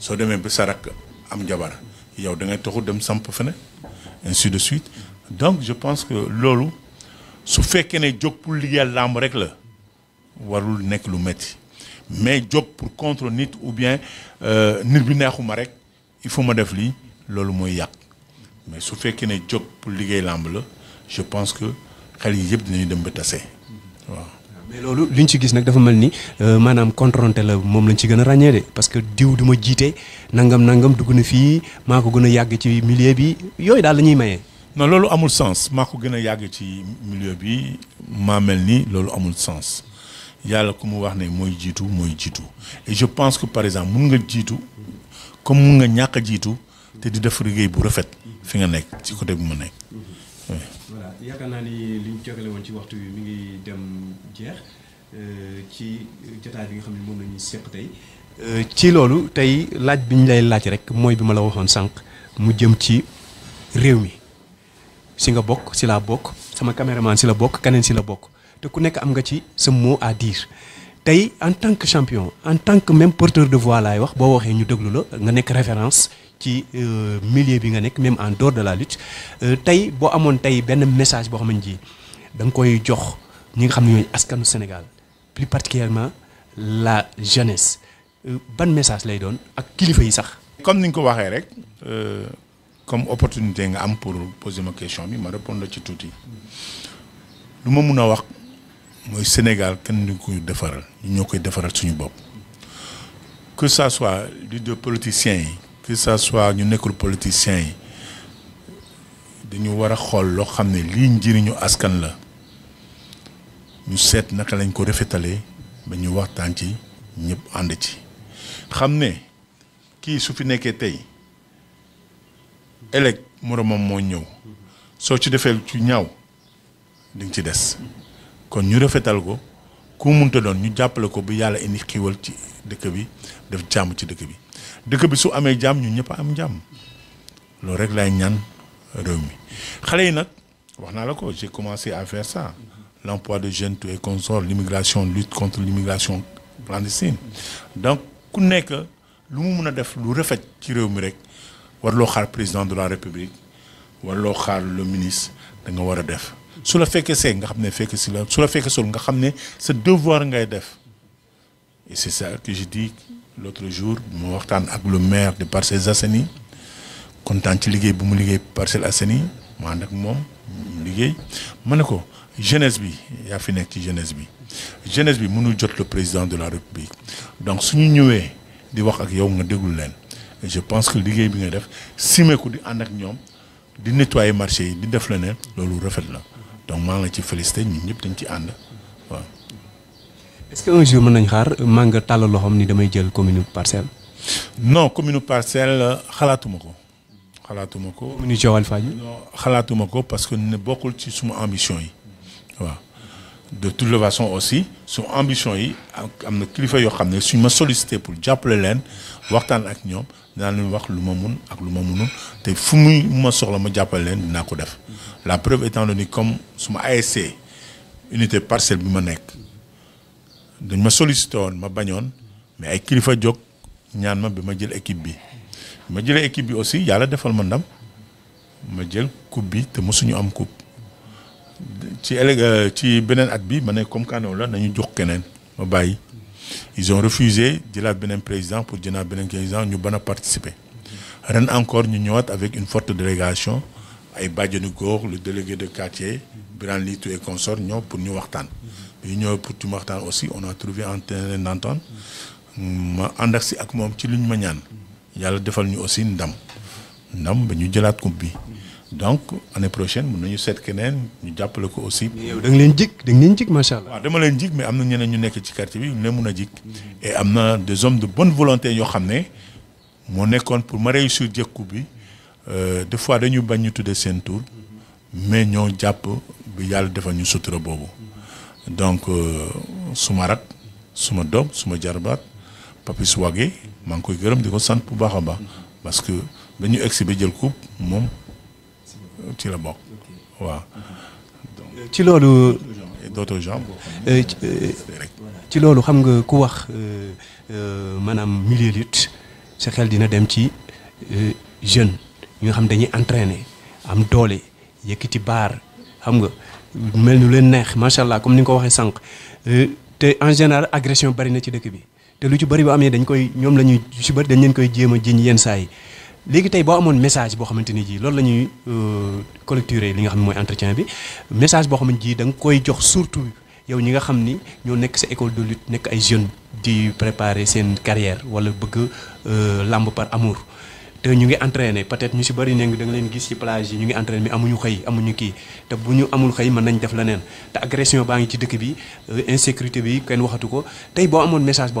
soo demee ba sa rakk am jabar yow da ngay taxu dem samp fene ainsi de suite donc je pense que loolu su fekkee ne jóg pour liggéeyal làmb rek la warul nekk lu metti mais jóg pour contre nit ou bien euh, nit bi neexuma rek il faut ma def lii loolu mooy yàq mais su fekkee ne jóg pour liggéey làmb la je pense que xel yi yëpp dinañu dem ba tase mais loolu ñu ci gis nag dafa mel ni euh, maanaam confronté la moom lañ ci gën a ràññee de parce que diw du ma jiite nangam nangam dugg na fii maa ko gën a yàgg ci milieu bi yooyu daal la ñuy maye. loolu amul sens maa ko gën a yàgg ci milieu bi maa mel ni loolu amul sens yàlla ko mu wax ne mooy jiitu mooy jiitu et je pense que par exemple mun nga jiitu comme mun nga ñàkk jiitu te di def liggéey bu rafet fi nga nekk ci côté bu mu nekk. voilà yaakaar naa ni li ñu jogale woon ci waxtu wi mu ngi dem jeex euh, ci jotaay bi nga xam ne moom la ñuy seq tey. Euh, ci loolu tey laaj bi ñu lay laaj rek mooy bi ma la waxoon sànq mu jëm ci réew mi si nga bokk si laa bokk sama caméraman si la bokk keneen si la bokk te ku nekk am nga ci sa mot à dire. tey en tant que champion en tant que même porteur de voix laay wax boo waxee ñu déglu la nga nekk référence ci euh, milieu bi nga nekk même en dehors de la lutte euh, tey boo amoon tey benn message boo xamante ji da nga koy jox ñi nga xam ne ñooy askanu Sénégal plus particulièrement la jeunesse euh, ban message lay doon ak kilifa yi sax. comme ni ñu ko waxee rek comme opportunité nga am pour poser ma question bi ma la ci tuuti lu ma mun a wax. mooy Sénégal kenn du koy defaral ñoo koy defaral suñu bopp que ça soit leader politicien yi que ça soit ñu nekkul politicien yi dañu war a xool loo xam ne lii njëriñu askan la ñu seet naka lañ ko rafetalee ba ñu waxtaan ci ñëpp ànd ci xam ne kii su fi nekkee tey ëllëg moromam moo ñëw soo ci defee ci ñaw di nga ci des kon ñu rafetal ko ku munute doon ñu jàppale ko bu yàlla indi xiiwal ci dëkk bi def jàmm ci dëkk bi dëkk bi su amee jàmm ñu ñëpp am jàmm loolu rek laay ñaan réew mi xale yi nag wax naa la ko j'ai commencé à faire ça l'emploi de jeunes et consorts l'immigration lutte contre l'immigration clandestine donc ku nekk lu mu mun a def lu rafet ci réew mi rek war loo xaar président de la république war loo xaar le ministre da war a def su la fekkee see nga xam ne fekk si la su la fekkee sol nga xam ne sa devoir ngay def et c'est ça que je dis l'autre jour mu waxtaan ak le maire de Parcelles Assainies kontaan ci liggéey bu mu liggéey Parcelles Assainies mu ànd ak moom liggéey ma ne ko jeunesse bi yaa fi nekk ci jeunesse bi jeunesse bi mënul jot le président de la république donc suñu ñëwee di wax ak yow nga déglu leen je pense que liggéey bi nga def simeeku di ànd ak ñoom di nettoyer marché yi di def la loolu rafet la donc maa ngi ci félicité ñun ñëpp dañu ci ànd waaw. est-ce que un mën nañ xaar Manga tàll loxoom ni damay jël commune parcelle. non commune parcelle xalaatuma ko. xalaatuma ko commune Joal Fadiouth. xalaatuma ko parce que ne bokkul ci suma ambition yi waaw. de toute façon aussi su ambition yi am na kilifa yoo xam ne suñ ma solicité pour jàppale leen waxtaan ak ñoom dinaa leen wax lu ma mun ak lu ma munul te fu muy ma soxla ma jàppale leen dinaa ko def. la preuve étant donné comme ma ASC unité parcelle bi ma nekk dañ ma sollicité woon ma bañoon mais ay kilifa jóg ñaan ma bi ma jël équipe bi ma jële équipe bi aussi yàlla defal ma ndam ma jël coupe bi te mosuñu am coupe ci élég euh, ci beneen at bi ma ne comme Kano la nañu jox keneen ma bàyyi ils ont refusé jëlaat beneen président pour jëlaat beneen président ñu ban a participer ren encore ñu ñëwaat avec une forte délégation ay bàjjenu góor le délégué de quartier Birane Litou et consort ñoo pour ñu waxtaan bi ñëw pour ñu waxtaan aussi on a trouvé un terrain d'entente ma ànd ak si ak moom ci luñ ma ñaan yàlla defal ñu aussi ndam ndam ba ñu jëlaat coupe bi donc année prochaine mën nañu seet keneen ñu jàppale ko aussi. yow da nga leen jig da nga leen jig macha allah. waaw dama leen jig mais am na ñeneen ñu nekk ci quartier bi ñu leen mën a jig. et am na des hommes de bonne volonté yoo xam ne moo nekkoon pour ma réussir jëkku bi. Euh, des fois dañu bañ ñu tuddee seen tur mais ñoo jàpp bi yàlla defal ñu sutura boobu donc euh, suma rak suma doom suma jarbaat Papis Wagué maa ngi koy gërëm di ko sant bu baax a baax parce que ba ñu egsi ba jël coupe moom ci la bokk waaw. ci loolu. d'autres gens euh, ci loolu xam nga ku wax maanaam milieu lutte sa xel dina dem ci jeune. ñu nga xam dañuy entraîner am doole yëkkati baar xam nga mel nu leen neex macha allah comme ni nga ko waxee sànq euh, te en général agression bari na ci dëkk bi te lu ci bari bu amee dañ koy ñoom la ñuy si bari dañ leen koy jéem a jiñ yenn saa yi tey boo amoon message boo xamante ni ji loolu la ñuy euh, collecturer li xam ne mooy entretien bi message boo xamante ji da nga koy jox surtout yow ñi nga xam ni ñoo nekk si école de lutte nekk ay jeunes di préparer seen carrière wala bëgg euh, làmb par amour. te ñu ngi entraîné peut-être ñu si bari ne da nga leen gis ci plage yi ñu ngi entraîné mais amuñu xëy amuñu kii te bu ñu amul xëy mën nañ def leneen te agression baa ngi ci dëkk bi euh, insécurité bi kenn waxatu ko tey boo amoon message boo